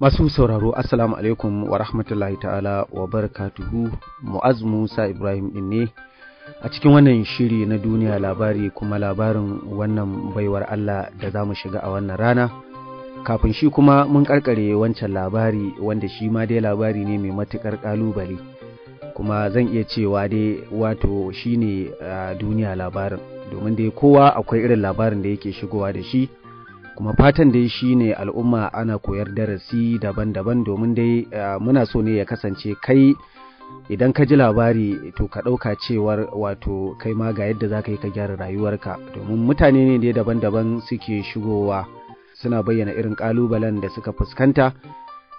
Masu sauraro Assalamu alaikum wa rahmatullahi ta'ala wa barakatuhu Mu'az Musa Ibrahim din ne a cikin wannan shiri na duniya labari kuma labarin wannan baiwar Allah da za mu shiga a wannan rana. Kafin shi kuma mun karkare wancan labari wanda shi ma dai labari ne mai matuƙar ƙalubale kuma zan iya cewa dai wato shine uh, ah, duniya labarin domin dai kowa akwai irin labarin da yake shigowa da shi. kuma fatan dai shi ne al'umma ana koyar darasi daban-daban domin dai eh, muna so ne ya kasance kai idan ka ji labari to ka ɗauka cewar wato kai ma ga yadda za ka yi ka gyara rayuwarka domin mutane ne dai daban-daban suke shigowa suna bayyana irin ƙalubalen da suka fuskanta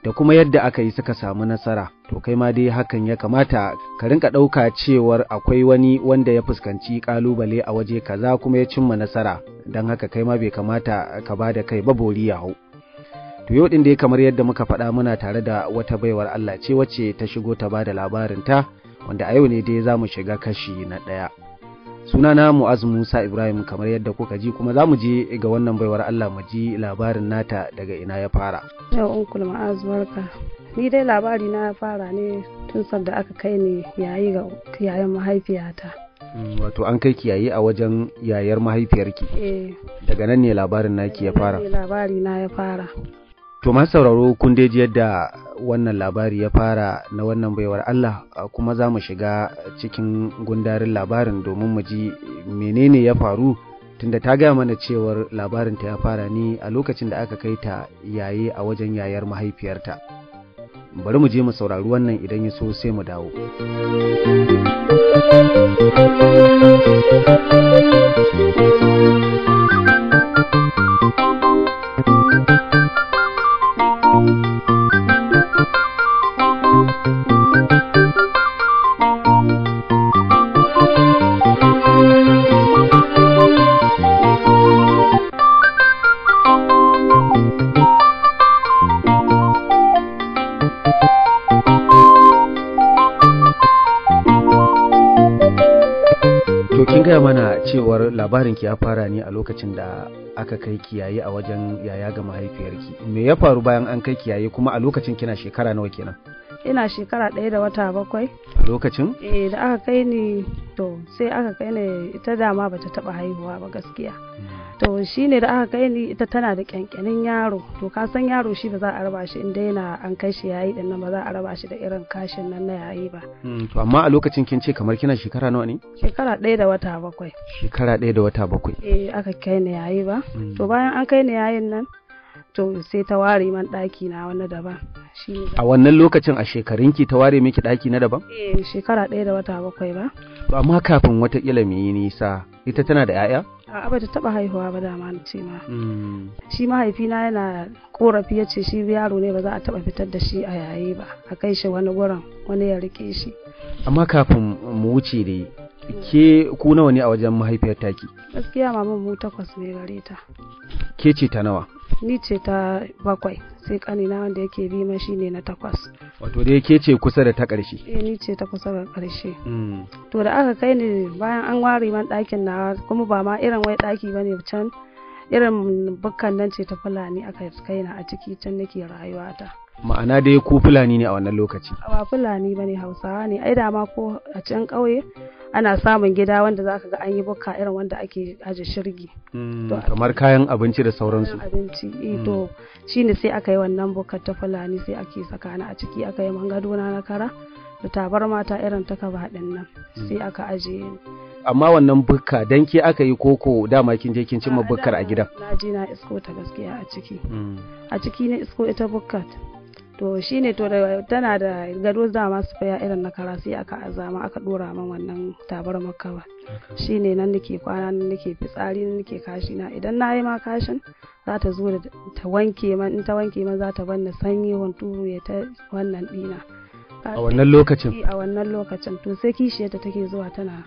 da kuma yadda aka yi suka samu nasara to kai ma dai hakan ya kamata ka rinka ɗauka cewar akwai wani wanda ya fuskanci ƙalubale a waje kaza kuma ya cimma nasara don haka kai ma bai kamata ka ba da kai ba bori ya hau to yau ɗin dai kamar yadda muka faɗa muna tare da wata baiwar Allah ce wacce ta shigo ta ba da labarinta wanda a yau ne dai za mu shiga kashi na ɗaya sunana mu'az musa ibrahim kamar yadda kuka ji kuma za mu je ga wannan baiwar allah mu ji labarin nata daga ina ya fara yau unkul mu'az barka ni dai labari na fara ne tun sanda aka kai ni yayi ga yayan mahaifiyata mm, wato an kai kiyaye a wajen yayar mahaifiyarki eh. daga nan ne labarin naki ya fara labari na ya fara To masu sauraro kun dai yadda wannan labari ya fara na wannan baiwar Allah kuma za mu shiga cikin gundarin labarin domin mu ji menene ya faru tunda ta gaya mana cewar labarinta ya fara ne a lokacin da aka kai ta yaye a wajen yayar mahaifiyarta. Bari mu je mu saurari wannan idan ya so sai mu dawo. Thank you. kin gaya mana cewar labarin ki ya fara ne a lokacin da aka kai kiyaye a wajen yaya ga mahaifiyarki me ya faru bayan an kai kiyaye kuma a lokacin kina shekara nawa kenan ina shekara ɗaya da wata bakwai lokacin eh da aka kai ni to sai aka kai ni ita dama bata taba haihuwa ba gaskiya hmm. to shi ne da aka kai ni ita tana da kyankyanin yaro to ka san yaro shi ba za a raba shi inda yana an kai shi yayi din nan ba za a raba shi da irin kashin nan na yayi ba hmm, to amma a lokacin kin ce kamar kina shekara nawa ne shekara ɗaya da wata bakwai shekara ɗaya da wata bakwai eh aka kai ni yayi ba hmm. to bayan an kai ni yayin nan to sai ta ware man ɗaki na wani daban a wannan lokacin a shekarun ki ta ware miki ɗaki na daban eh shekara ɗaya da wata bakwai ba amma kafin wata ilimi nisa ita tana da 'ya'ya a'a ba ta taba haihuwa ba dama na ce ma hmm. shi mahaifina yana korafi ya ce shi yaro ne ba za a taba fitar da shi a yayi ba a kai shi wani gurin wani ya rike shi amma kafin mu wuce dai ke ku nawa ne a wajen mahaifiyar taki gaskiya maman mu takwas ne gare ta ke ce ta nawa ni ce ta bakwai sai kanina wanda yake bi ma shine na takwas wato da yake ce kusa da ta ƙarshe eh ni ce ta kusa da ƙarshe mm. to da aka kai ni bayan an ware man ɗakin na kuma ba ma irin wai ɗaki bane can irin bukkan nan ce ta fulani aka kai na a ciki can nake rayuwa ta. ma'ana dai ku fulani ne a wannan lokaci A ba fulani bane hausawa ne ai dama ko a can ƙauye ana samun gida wanda za ka ga an yi bukka irin wanda ake aje shirgi hmm, kamar kayan abinci da sauransu abinci eh hmm. to shine sai aka yi wannan bukkar ta fulani sai ake sakana a ciki aka yi mangadona na kara da tabar mata irin ta kaba din nan hmm. sai aka aje amma wannan bukka dan ke aka yi koko dama kin je kin cimma bukkar a gidan na ji na isko ta gaskiya a ciki a ciki ne isko ita bukkar to ne to da tana da gado dama su faya irin na kara sai aka azama aka dora min wannan makawa shi ne nan nake kwana nan nake fitsari nan nake kashi na idan na yi ma kashin za ta zo da ta wanke man in ta wanke man za ta banna sanyi hunturu ya ta wannan dina a wannan lokacin a wannan lokacin to sai kishiyarta take zuwa tana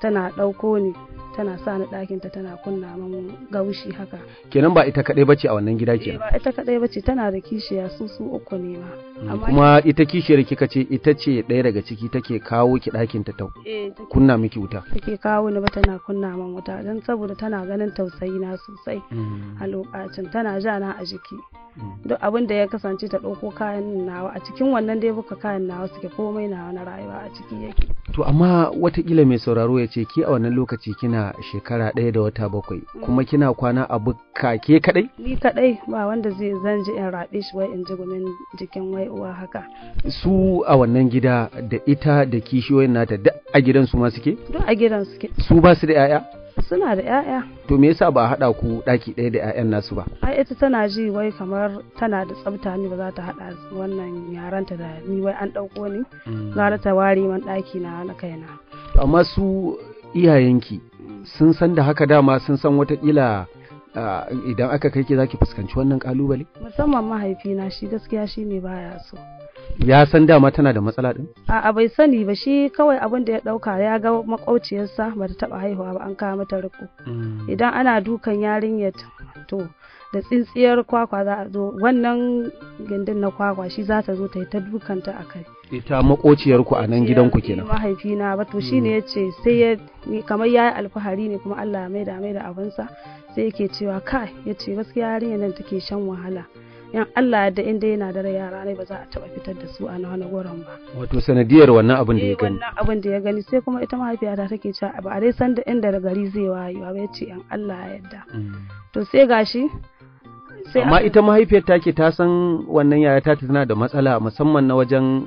tana ɗauko ni tana sa ni ɗakinta tana kunna min gaushi haka kenan ba ita kadai bace a wannan gida eh, ke ba ita kadai bace tana da kishiya su su uku ne ma mm, kuma ita kishiyar kika ce ita ce ɗaya daga ciki take kawo ki ɗakinta ta eh, kunna miki wuta take kawo ni ba tana kunna min wuta dan saboda tana ganin tausayi na sosai mm. a lokacin tana ja na a jiki mm. duk abin da ya kasance ta ɗauko kayan nawa a cikin wannan dai buka kayan nawa suke komai nawa na rayuwa a ciki yake to amma watakila mai sauraro ya ce ki a wannan lokaci kina kina shekara ɗaya da wata bakwai kuma kina kwana a bukake ke kaɗai? Ni kaɗai ba wanda zai zan ji in raɓe shi wai in ji gumin jikin wai uwa haka. Su a wannan gida da ita da kishiyoyin nata duk a gidan su ma suke? Duk a gidan suke. Su ba su da 'ya'ya? Suna da 'ya'ya. To me yasa ba a haɗa ku ɗaki ɗaya da 'ya'yan nasu ba? Ai ita tana ji wai kamar tana da tsafta ne ba za ta haɗa wannan yaranta da ni wai an ɗauko ni. Mm. Gara ta ware man ɗaki na na kaina. Amma su iyayenki sun san da haka dama sun san watakila idan aka kai ki zaki fuskanci wannan kalubale musamman mahaifina shi gaskiya shi ne baya so ya san dama tana da matsala din a'a bai sani ba shi kawai abin da ya dauka ya ga makwauciyarsa ba ta taba haihuwa ba an kawo mata riko mm. idan ana dukan yarinyar to da tsintsiyar kwakwa za a zo wannan gindin na kwakwa shi za ta zo ta yi ta dukanta a kai ita makociyar ku a nan gidan ku kenan mahaifina ba to hmm. shine yace sai ya kamar yayi alfahari ne kuma Allah mai da mai da abinsa sai yake cewa kai yace gaskiya yarinyar nan take shan wahala yan Allah da inda yana da yara ne ba za a taba fitar da su a na wani gurin ba wato sanadiyar wannan abin da ya eh, gani wannan abin da ya gani sai kuma ita mahaifiyata take cewa ba a dai san da inda gari zai wayewa ba yace yan Allah ya yarda hmm. to sai gashi amma ita mahaifiyar take ta san wannan yaya ta tana da matsala musamman na wajen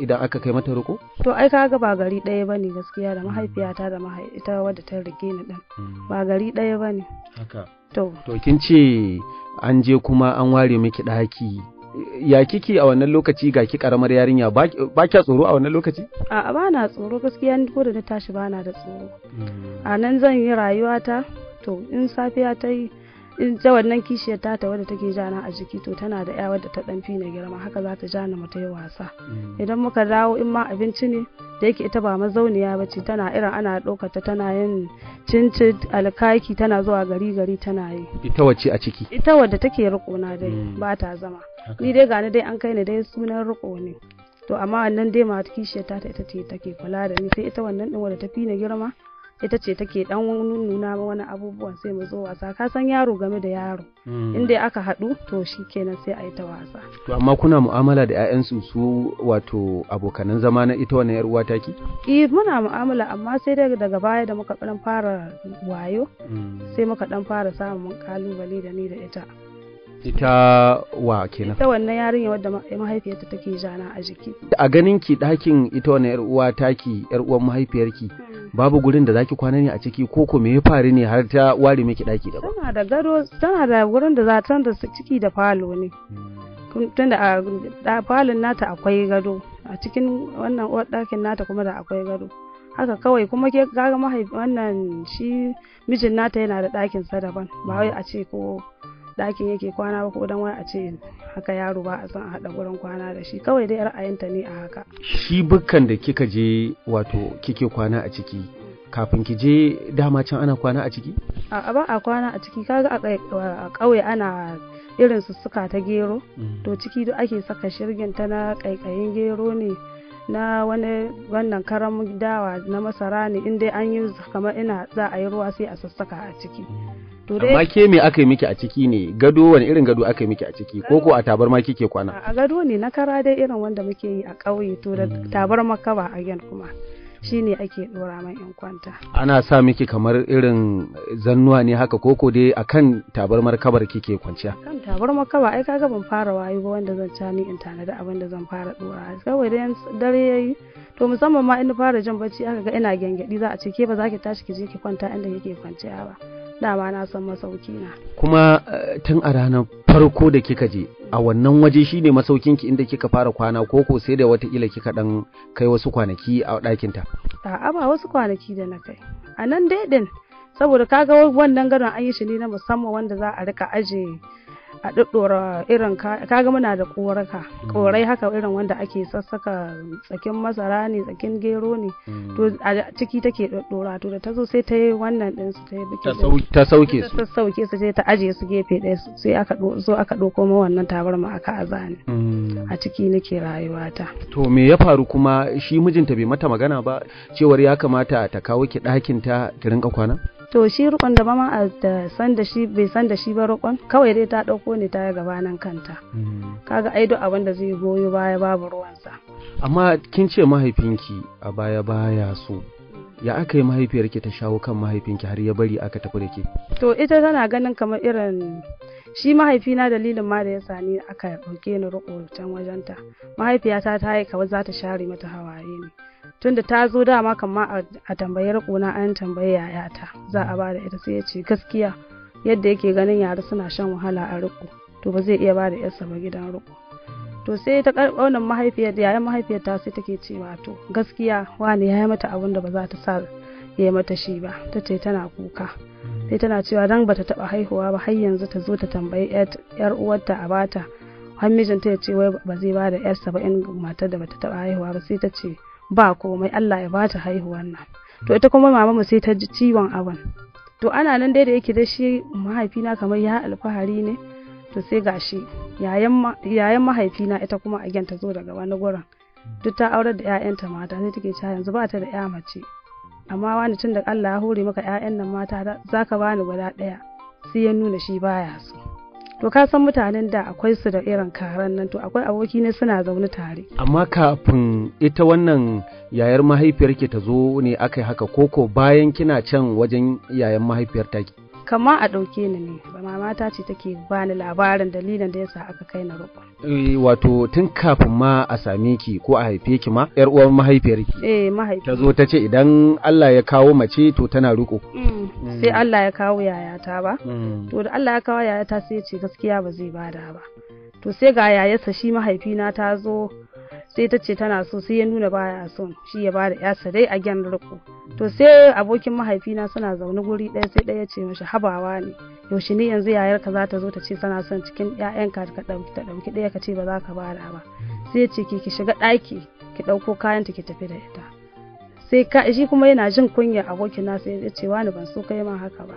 idan aka kai mata riko to ai kaga ba gari ɗaya bane gaskiya da mahaifiyata da ita wadda ta rike ni din mm. ba gari ɗaya bane haka to to kin ce an je kuma an ware miki ɗaki ya kiki a wannan lokaci ga ki karamar yarinya ba kya tsoro a wannan lokaci? A ba na tsoro gaskiya ni da na tashi ba na da tsoro. Mm. A nan zan yi rayuwata to in safiya ta yi ta wannan kishiyar ta wadda take jana a jiki to tana da ya wadda ta dan fi na girma haka za ta jana mu ta yi wasa mm. idan muka dawo in ma abinci ne da yake ita ba mazauniya ba ce tana irin ana ɗaukar ta tana yin cincin alkaki tana zuwa gari gari tana yi ita wacce a ciki ita wadda take riko na dai mm. ba ta zama ni dai gani dai an kai ni dai sunan riko ne to amma wannan dai ma kishiyar ta ita ce take kula da ni sai ita wannan din wadda ta fi na girma ita ce take dan nuna wani abubuwan sai mu zo wasa ka san yaro game da yaro hmm. inda aka haɗu to shi kenan sai a yi ta wasa to amma kuna mu'amala da 'ya'yansu su wato abokanan zama na ita wannan yar uwa ki eh muna mu'amala amma sai daga daga baya da muka dan fara wayo hmm. sai muka dan fara samun kalubale da ni da ita ita wa kenan ita wannan yarinya wadda mahaifiyarta take zana a jiki a ganin ki dakin ita wannan yar uwa taki yar uwan mahaifiyarki hmm. babu gurin da zaki kwana ne a ciki ko ko me ya faru ne har ta ware miki daki daban tana da gado tana da gurin da za ta da ciki da falo ne hmm. tunda a falon nata akwai gado a cikin wannan uwar dakin nata kuma da akwai gado haka kawai kuma ke kaga mahaifi wannan shi mijin nata yana da dakin sa daban ba wai a ce ko ɗakin yake kwana ba ko dan wani a ce haka yaro ba a san a haɗa gurin kwana da shi kawai dai ra'ayinta ne a haka shi bukkan da kika je wato kike kwana a ciki kafin ki je dama can ana kwana a ciki a ba a kwana a ciki kaga a ƙauye ana irin su suka ta gero mm. to ciki duk ake saka shirgin ta na ƙaiƙayin gero ne na wani wannan karam dawa na masara ne in dai an yi kamar ina za a yi ruwa sai a sassaka a ciki mm. amma ke me aka yi miki a ciki ne gado wani irin gado aka yi miki a ciki ko ko a tabarma kike kwana a gado ne na kara dai irin wanda muke yi a ƙauye to da hmm. tabarma kaba a yan kuma shine ake ɗora mai in kwanta ana sa miki kamar irin zannuwa ne haka koko dai akan tabarmar kabar kike kwanciya kan tabarmar kaba ai kaga ban fara wayo ba wanda zan ca ni in tanada abin da zan fara ɗora. kawai dai dare yayi to musamman ma in fara jin bacci aka ga ina gyangyaɗi za a ce ke ba za ki tashi ki je ki kwanta inda kike kwanciya ba dama na san masauki na kuma eh, tun a ranar farko da kika je a wannan waje shine masaukin ki inda kika fara kwana ko ko sai da watakila kika dan kai wasu kwanaki a ɗakin ta a'a ba wasu kwanaki da na kai a nan daidin saboda kaga wannan gadon an yi shi ne na musamman wanda za a rika ajiye a ɗaɗɗora irin kaga muna da ƙoraka mm. ƙorai haka irin wanda ake sassaka tsakin masara ne tsakin gero ne mm. to a ciki take ɗaɗɗora to da ta zo sai ta yi wannan ɗin su ta yi biki ta sauke su ta sauke su sai ta aje su gefe ɗaya sai aka zo aka ɗauko ma wannan tabarma aka azani mm. a ciki nake rayuwata to me ya faru kuma shi mijinta bai mata magana ba cewar ya kamata ta kawo ki ɗakin ta ki rinka kwana to shi rukon da mama a da san da shi bai san da shi ba rukon kawai dai ta dauko ne ta gabanin kanta mm. kaga ai duk abin da zai goyo baya babu ruwansa amma kin ce mahaifinki a baya baya so ya aka yi mahaifiyarki ta shawo kan mahaifinki har ya bari aka tafi da ke to ita tana ganin kamar irin shi mahaifina dalilin ma da ya sani aka ɗauke ni riko can wajenta mahaifiyata ta yi kawai za ta share mata hawaye ne tunda ta zo dama kamar a tambayar kuna an tambayi yayata za a mm. ba da ita sai ya ce gaskiya yadda yake ganin yara suna shan wahala a riko to ba zai iya ba da yarsa ba gidan riko to sai ta wannan mahaifiyar yayan mahaifiyar ta sai take cewa to gaskiya wani ya yi mata abun da ba za ta sa ya mata shi ba ta ce tana kuka mm. sai tana cewa dan ta taba haihuwa ba har yanzu ta zo ta tambayi yar uwarta a bata har mijinta ya ce wai ba zai ba da yarsa ba in matar da ba ta taba haihuwa ba sai ta ce ba komai Allah ya bata haihuwar nan to hmm. ita kuma mama sai ta ji ciwon abin to ana nan dai da yake da shi mahaifina kamar ya alfahari ne to sai gashi yayan mahaifina ita kuma a ta zo daga wani gurin hmm. duk ta aurar da 'ya'yanta mata sai take cewa yanzu ba ta da 'ya mace amma wani tun da Allah ya hore maka 'ya'yan nan mata zaka bani guda ɗaya sai ya nuna shi baya so to ka san mutanen da akwai su da irin karan nan to akwai aboki ne suna zaune tare amma kafin ita wannan yayar mahaifiyarki ta zo ne aka haka koko bayan kina can wajen yayan mahaifiyar taki kama a ɗauke ni ne mama mata ce take bani labarin dalilin da yasa aka kai na roƙo eh, wato tun kafin ma a same ki ko a haife ki ma yar uwar ki eh mahaifi ta zo ta ce idan Allah ya kawo mace to tana roƙo mm, sai mm. Allah ya kawo yayata ba mm. to da Allah ya kawo yayata sai ya ce gaskiya ba zai bada ba to sai ga yayasa shi mahaifina ta zo sai ta ce tana so sai ya nuna baya so shi ya bada yasa dai a gyan riko to sai abokin mahaifina suna zaune guri ɗaya sai ɗaya ce mashi habawa ne yaushe ne yanzu yayarka za ta zo ta ce tana son cikin ƴaƴanka ka ɗauki ta ɗauki ɗaya ka ce ba za ka bada ba sai ya ce ki ki shiga ɗaki ki ɗauko kayanta ki tafi da ita sai shi kuma yana jin kunya abokin nasa ya ce wani ban so kai ma haka ba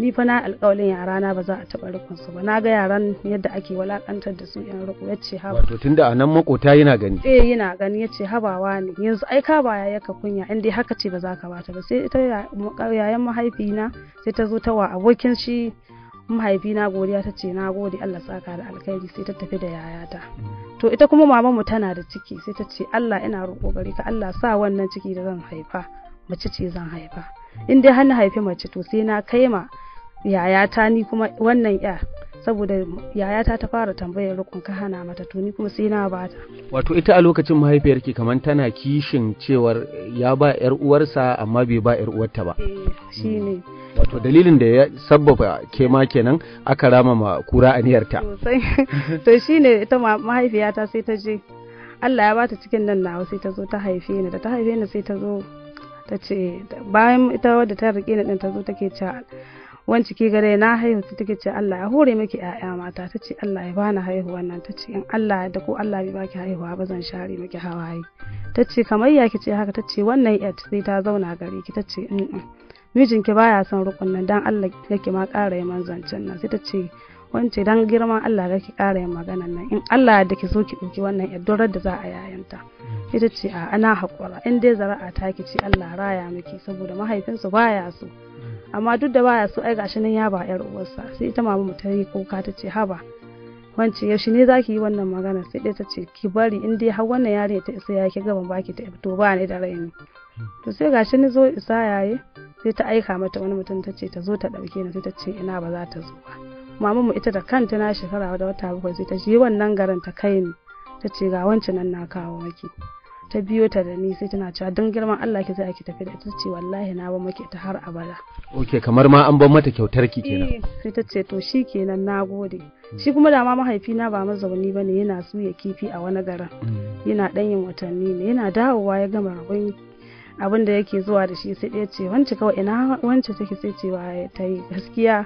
ni fa na alƙawalin yara na ba za a taɓa rikon su ba na ga yaran yadda ake walakantar da su yan riko ce haba wato tunda a nan makota yana gani eh yana gani ya ce habawa ne yanzu ai ka ba yaya ka kunya in dai haka ce ba za ka bata ba sai ita yayan mahaifina sai ta zo ta wa abokin shi mahaifina godiya ta ce na gode Allah saka da alkhairi sai ta tafi da yayata to ita kuma mu tana da ciki sai ta ce Allah ina roƙo gari ka Allah sa wannan ciki da zan haifa mace ce zan haifa in dai har na haifi mace to sai na kai ma yayata ni kuma wannan ya saboda yayata ta fara tambayar rukun ka hana mata to ni kuma sai na bata wato ita a lokacin mahaifiyarki kamar tana kishin cewar ya ba yar uwarsa amma bai ba yar uwarta ba eh, shine hmm. wato dalilin da ya sabbaba ke ma kenan aka rama ma kura aniyarta to shine ita mahaifiyata sai ta je Allah ya bata cikin nan nawa sai ta zo ta haife ni da ta haife ni sai ta zo ta ce bayan ita wadda ta rike ni din ta zo take cewa wanci ki gare na haihu ta take ce Allah ya hore miki ƴaƴa mata ta ce Allah ya bani haihuwa nan ta ce in Allah ya da ko Allah bai baki haihuwa ba zan share miki hawaye ta ce kamar ya kice haka ta ce wannan yat sai ta zauna gare ki ta ce mijinki baya son rukun nan dan Allah yake ma ƙara yi manzancin nan sai ta ce wance dan girman Allah ki ƙara yin maganan nan in Allah ya ki so ki ɗauki wannan yaddurar da za a yayanta ita ce a ana haƙura in dai zara'a ta ki ce Allah raya miki saboda mahaifinsu baya so amma duk da baya so ai gashi nan ya ba yar uwarsa sai ita mama ta yi kuka ta ce haba wance yaushe ne zaki yi wannan magana sai dai ta ce ki bari in dai har wannan yarinya ta isa ya ki gaban baki ta to ba ne da raini to sai gashi ni zo isa yaye sai ta aika mata wani mutum ta ce ta zo ta dauke ni sai ta ce ina ba za ta zo ba mama mu ita da kanta na shekara da wata bakwai sai ta je wannan garin ta kai ni ta ce ga wancan nan na kawo maki ta biyo ta da ni sai tana cewa don girman Allah ki za ki tafi da ita ce wallahi na ban maki ta har abada ok kamar ma an ban mata kyautar ki kenan eh, sai ta ce to shi kenan na gode hmm. shi kuma dama ma mahaifina ba mazauni ba ne yana suya kifi a wani garin hmm. yana yin watanni ne yana dawowa ya gama rabon abin da yake zuwa da shi sai ɗaya ce wance kawai ina wance take sai cewa ta yi gaskiya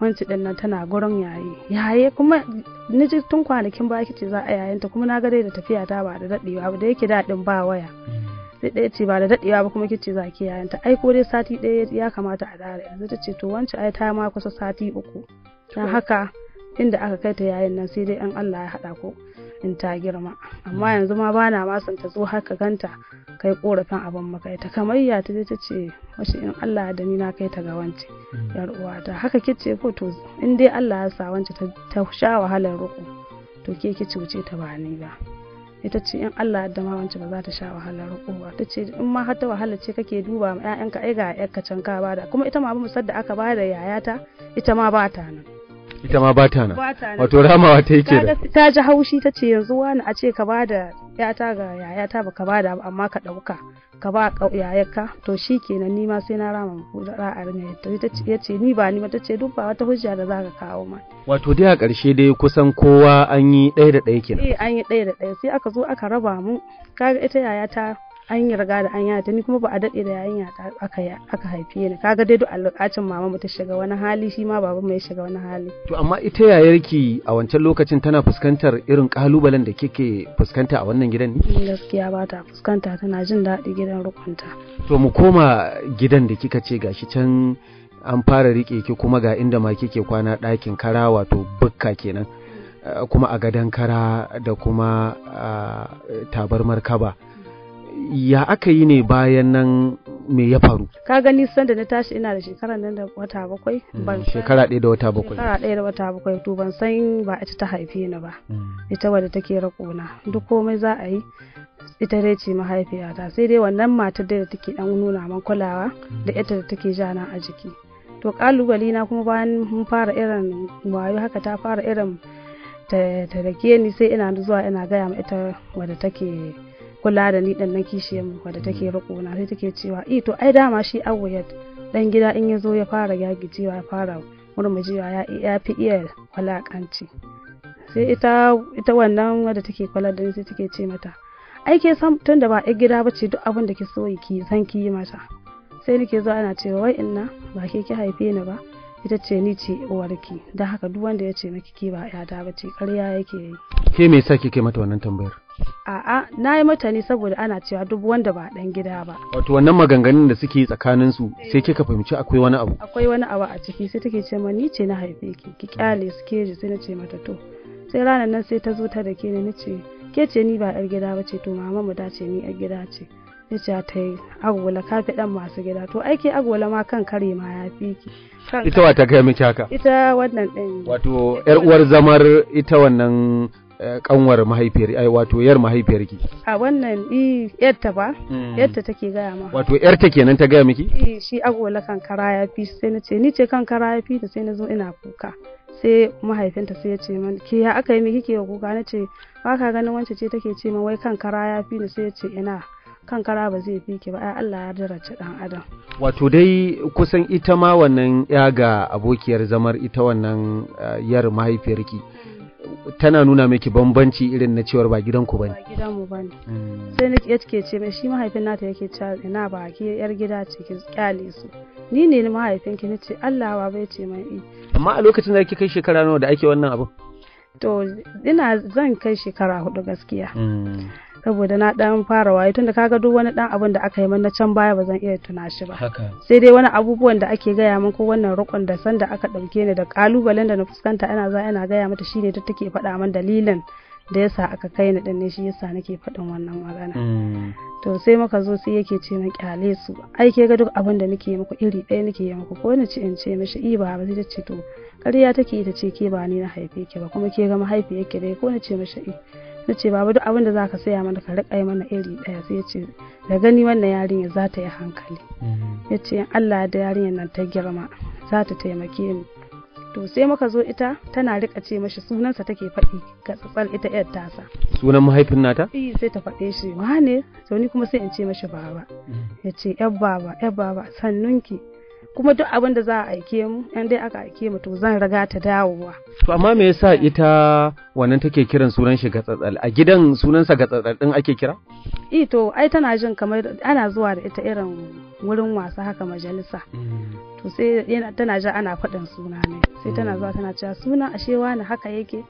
wanci ɗin nan tana gurin yaye yaye kuma ni tun kwanakin baya kice za a ta kuma na ga dai da tafiya ta ba da dadewa ba da yake daɗin ba waya mm. sai ɗaya ce ba da daɗewa ba kuma kice za ki yayanta ai ko dai sati ɗaya ya kamata a dare yanzu ta ce to wancan ai ta ma kusa sati uku don haka inda aka kai ta yayin nan sai dai an Allah ya haɗa ko in ta girma amma yanzu ma ba na masan ta zo haka ganta kai korafin abin makaita kamayya ta je ta ce wace in Allah da ni na kai ta ga wance yar ta haka kice ko to in dai Allah ya sa wance ta sha wahalar ruku to ke ce wuce ta ba ni ba ita ce in Allah ya ma wance ba za ta sha wahalar ruku ba ta ce in ma har ta wahala ce kake duba ma ƴaƴanka ai ga ƴaƴanka can ka bada kuma ita ma ba musar da aka bada yayata ita ma ba ta nan ita ma bata na wato ramawa ta yake da ta ji haushi ta ce yanzu wani a ce ka bada yata ga yayata baka da amma ka dauka ka ba yayarka to shi ni ma sai na rama ra'ar ne ta ya ce ni ba ni ba ta ce duk ba wata hujja da za ka kawo ma wato dai a ƙarshe dai kusan kowa an yi ɗaya da ɗaya kenan eh an yi ɗaya da ɗaya sai aka zo aka raba mu kaga ita yayata an yi riga da an yi ta ni kuma ba a daɗe da yayin ta aka aka haife ni kaga dai duk alƙacin mama mu ta shiga wani hali shi ma baba mai shiga wani hali to amma ita yayarki a wancan lokacin tana fuskantar irin kalubalen da kike fuskanta a wannan gidan ne gaskiya ba ta fuskanta tana jin daɗi gidan rukunta to mu koma gidan da kika ce gashi can an fara rike ki kuma ga inda ma kike kwana ɗakin kara wato bukka kenan eh, kuma a gadon kara da kuma ah, tabarmar kaba ya aka yi ne bayan nan me ya faru ka gani sanda na tashi ina da shekara nan da wata bakwai hmm, ban shekara ɗaya da wata bakwai shekara ɗaya da wata bakwai to ban san ba ita ta haife ni ba hmm. ita wadda take raƙona duk komai za a yi ita dai ce mahaifiyata sai dai wannan matar da take dan nuna man kulawa da hmm. ita da take jana a jiki to kalubali na kuma bayan mun fara irin wayo haka ta fara irin ta rake ni sai ina zuwa ina gaya ma ita wadda take kula da ni ɗan kishiyar muka mu take mm. riko na sai take cewa i eh to ai dama shi awuyat ɗan gida in ya zo ya fara yagijewa ya fara murmujewa ya ya fi iya kwalakanci sai ita ita wannan wadda take kula da ni sai take ce mata ai ke san tun da ba a gida ba ce duk abin da ki so ki san ki yi mata sai nake zuwa ana cewa wai inna ba ke ki haife ni ba ita ce ni ce uwarki don haka duk wanda ya ce miki ki ba ya ba ce yake yi ke me yasa kike mata wannan tambayar a'a na yi mata ne saboda ana cewa duk wanda ba dan gida ba wato wannan maganganun da suke tsakanin su sai kika fahimci akwai wani abu akwai wani abu a ciki sai take ce ni ce na haife ki ki kyale su ke sai na ce mata to sai ranar nan sai ta zo ta da ke ni nace ke ce ni ba yar gida ba ce to mama mu dace ni yar gida ce ya ce ta yi agwala ka fi dan masu gida to aiki agwala ma kan kare ma ya fi ki ita wata kai miki haka ita wannan din wato yar uwar zamar ita wannan Eh, kanwar mahaifiyar ai eh, wato yar mahaifiyar ki a wannan i yarta ba hmm. yarta take gaya ma wato yarta kenan ta gaya miki eh shi agola kara ya fi sai na ce ni ce kara ya fi ta sai na zo ina kuka sai mahaifinta sai ya ce min ke ya aka yi miki kike kuka na ce ba ka ganin wance ce take ce min wai kara ya fi sai ya ce ina kan kara ba zai fi ki ba ai Allah ya daraja dan adam wato dai kusan ita ma wannan ya ga abokiyar zamar ita wannan eh, yar mahaifiyar ki? tana nuna miki bambanci irin na cewar ba gidanku bane ba gidanmu bane hmm. sai na yake ce mai shi mahaifin nata yake cewa ina ba ki yar gida ce ki kyale su ni ne mahaifinki nace Allah wa bai ce mai amma a lokacin da kike kai shekara nawa da ake wannan abin to ina zan kai shekara hudu gaskiya hmm. saboda na dan fara wayo tunda kaga duk wani dan abun da aka yi ma na can baya ba zan iya tuna shi ba sai dai wani abubuwan da ake gaya min ko wannan rukun da san da aka dauke ni da kalubalen da na fuskanta ana za ina gaya mata shine ta take faɗa min dalilin da yasa aka kai ni din ne shi yasa nake faɗin wannan magana mm. to sai muka zo sai yake ce na kyale su ai ke ga duk abin da nake muku iri ɗaya nake yi muku ko ni ce in ce mishi i ba ba zai ce to kariya take ita ce ke ba ni na haife ki ba kuma ke ga mahaifiyar yake dai ko ni ce mishi i na ce baba duk abin da za ka saya mana ka riƙa yi mana iri ɗaya sai ya ce da gani wannan yarinya za ta yi hankali mm-hmm. ya ce in Allah da yarinyar nan ta girma za ta taimake ni to sai muka zo ita tana riƙa ce mashi sunansa take faɗi ga tsatsar ita yar tasa sunan mahaifin nata eh sai ta faɗe shi wane to kuma sai in ce mashi baba mm-hmm. ya ce yar baba yar baba sannunki kuma duk abin da za a aike mu in dai aka aike mu to zan raga ta dawowa to amma me yasa ita wannan take kiran sunan shi gatsatsal a gidan sunansa gatsatsal din ake kira eh to ai tana jin kamar ana zuwa da ita irin wurin wasa haka majalisa mm. to sai tana jin ana faɗin suna ne sai tana mm. zuwa tana cewa suna ashe wani haka yake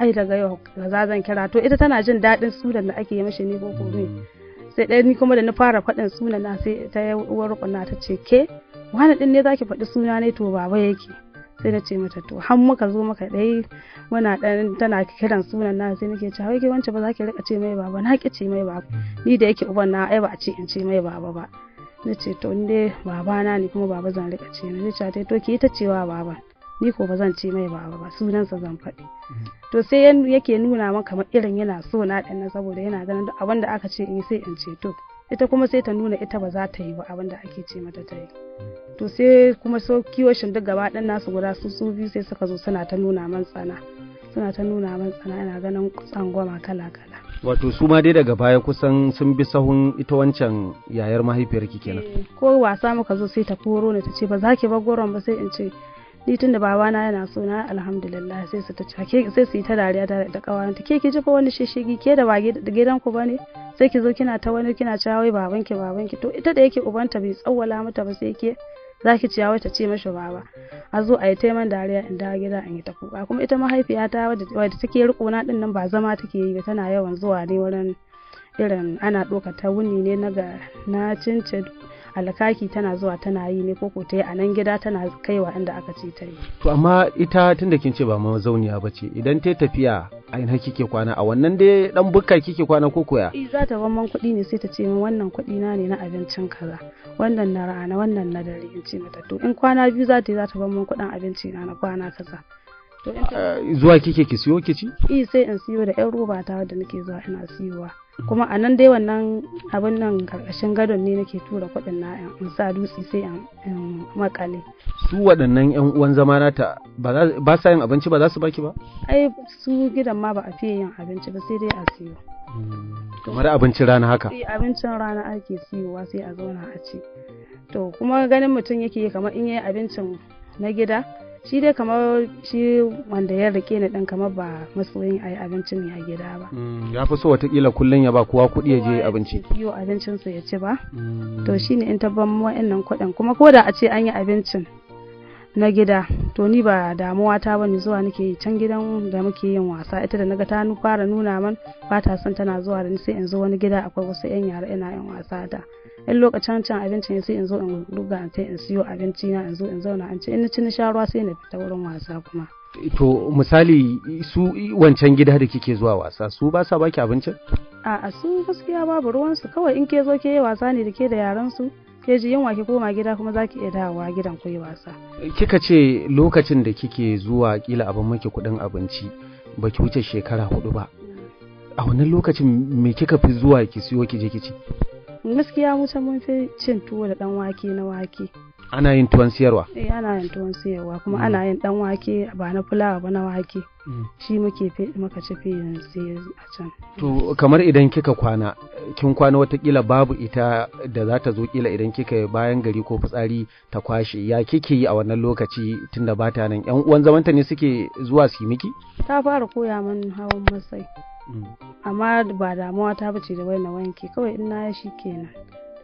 ai daga yau za zan kira to ita tana jin daɗin sunan da ake yi mishi ne ko ko mm. sai ɗaya ni kuma da na fara faɗin sunan na sai ta yi uwar ta ce ke wani din ne zaki faɗi suna ne to baba yake sai na ce mata to har muka zo maka dai muna dan tana kiran sunan na sai nake cewa ke wance ba za ki rika ce mai baba na ki ce mai baba ni da yake uban na ai ba a ce in ce mai baba ba na ce to inde baba na ne kuma baba zan rika ce mai ce to ki ta cewa baba ni ko ba zan ce mai baba ba sunansa zan faɗi to sai yake nuna maka irin yana so na dan saboda yana ganin duk abin da aka ce in sai in ce to ita kuma sai ta nuna ita ba za ta yi ba abin da ake ce mata ta yi to sai kuma so kiwashin duk gaba ɗan nasu guda su su biyu sai suka zo suna ta nuna man tsana suna ta nuna man tsana ina ganin tsangwama kala kala wato su ma dai daga baya kusan sun bi sahun ita wancan yayar mahaifiyarki kenan eh, ko wasa muka zo sai ta koro ne ta ce ba za ki bar goron ba sai in ce ni tunda babana yana so na alhamdulillah sai su ta sai su yi ta dariya da kawai ta ke ki ji fa wani shishigi ke da ba gidan ku bane sai ki zo kina ta wani kina cewa wai babanki babanki to ita da yake ubanta bai tsawwala mata ba sai ke za ciya wata ce mashi baba a zo a yi taiman dariya in dawo gida in yi ta kuka kuma ita mahaifiyata wadda take riko na din nan ba zama take yi ba tana yawan zuwa ne wurin irin ana ɗauka ta wuni ne na cincin alkaki tana zuwa tana yi ne koko ta yi a nan gida tana kaiwa inda aka ce ta yi to amma ita tun da kin ce ba mazauniya ba ce idan ta tafiya a ina kike kwana a wannan dai dan bukka kike kwana ko koya eh za ta ban kuɗi ne sai ta ce min wannan kuɗi na ne na abincin kaza wannan na rana wannan na dare in ce mata to in kwana biyu za ta yi za ta ban kuɗin abinci na na kwana kaza ah, zuwa kike ki siyo ki ci eh sai in siyo da yan roba ta da nake zuwa ina siyowa kuma a nan dai wannan abin nan karkashin gadon ne nake tura kuɗin na in sa dutse sai in makale su waɗannan yan uwan zama ta ba sa yin abinci ba za su baki ba ai su gidan ma ba a fiye yin abinci ba sai dai a siyo hmm, kamar abincin rana haka eh, abincin rana ake siyowa sai a zauna a ci to kuma ganin mutum yake kamar in yayi abincin na gida shi dai kamar shi wanda ya rike ni dan kamar ba masoyin ayi abinci ne a gida ba mm, ya fi so watakila kullum ya ba kowa kuɗi ya je abinci yo abincinsu ya ci ba mm. to shi ne in tabban wa'annan kuɗin kuma ko da a ce an yi abincin na gida to ni ba damuwa ta bane zuwa nake can gidan da muke yin wasa ita da naga ta fara nuna man ba ta son tana zuwa da ni sai in zo wani gida akwai wasu yan yara ina yin wasa ta in lokacin cin abinci ne sai in zo in ruga sai in siyo abinci na in zo in zauna an ce in ci na sharuwa sai na fita wurin wasa kuma to misali su wancan gida da kike zuwa wasa su ba sa baki abincin a'a su gaskiya babu ruwansu kawai in ke zo ke yi wasa ne da ke da yaran su ke ji yunwa ki koma gida kuma za ki iya dawowa gidan ku yi wasa. Kika ce lokacin da kike zuwa kila abin maki kuɗin abinci ba ki wuce shekara hudu ba. A wannan lokacin me kika fi zuwa ki siyo ki je ki ci? Gaskiya mu mun fi cin tuwo da ɗan wake na wake. ana yin tuwon siyarwa eh ana yin tuwon siyarwa kuma mm. ana yin dan wake ba na fulawa ba na wake mm. shi muke muka ci fi a can to kamar idan kika kwana kin kwana watakila babu ita da za ta zo kila idan kika bayan gari ko fitsari ta kwashe ya kike yi a wannan lokaci tunda ba ta nan yan uwan zamanta ne suke zuwa su yi miki ta fara koya min hawan masai mm. amma ba damuwa ta bace da wani wanke kawai in na shi kenan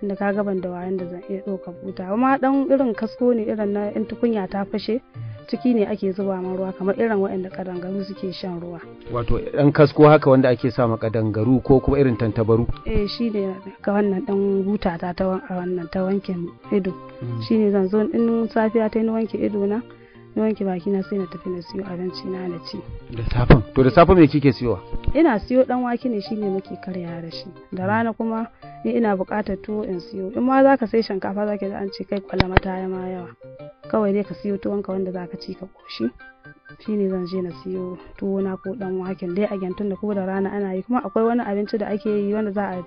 tunda ka gaban da wayan da zan iya ɗauka buta amma dan irin kasko ne irin na yan tukunya ta fashe ciki ne ake zuba man ruwa kamar irin waɗanda kadangaru suke shan ruwa wato dan kasko haka wanda ake sa ma kadangaru ko kuma irin tantabaru eh shine ga wannan dan buta ta ta wannan ta wankin ido mm. shine zan zo in safiya ta ni wanke ido na na wanke baki na sai na tafi na siyo abinci na na ci da safin to da safin me kike siyowa ina siyo dan wake ne shine muke karya da shi da rana kuma ni ina buƙatar tuwo in siyo in ma zaka sai shinkafa zaka da an ce kai kwalla mata ya ma yawa kawai dai ka siyo tuwon ka wanda zaka ci ka koshi shine zan je na siyo tuwo na ko dan waken dai a gyantun da ko da rana ana yi kuma akwai wani abinci da ake yi wanda za a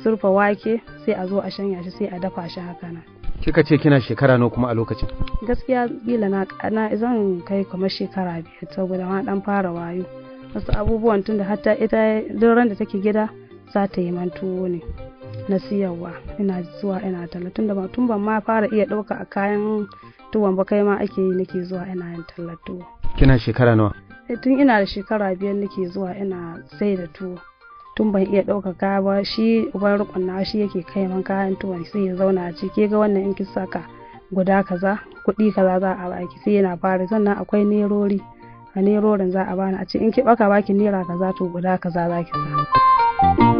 surfa wake sai a zo a shanya shi sai a dafa shi haka nan kika ce kina shekara nawa kuma a lokacin gaskiya bila na na zan kai kuma shekara biyar saboda ma dan fara wayo wasu abubuwan tunda hatta ita duk ran da take gida za ta yi mantuwo ne na siyarwa ina zuwa ina talla tunda ba tun ban ma fara iya ɗauka a kayan tuwon ba kai ma ake yi nake zuwa ina yin talla tuwo kina shekara nawa eh, tun ina da shekara biyar nake zuwa ina sai da tuwo tun ban iya ɗauka kaya ba shi uban rukun na shi yake kai man kayan tuwon sai ya zauna a ciki ga wannan in ki ka guda kaza kuɗi kaza za a baki sai yana fara sannan akwai nerori a nerorin za a bani a ce in ki baka baki nera kaza to guda kaza za ki sa.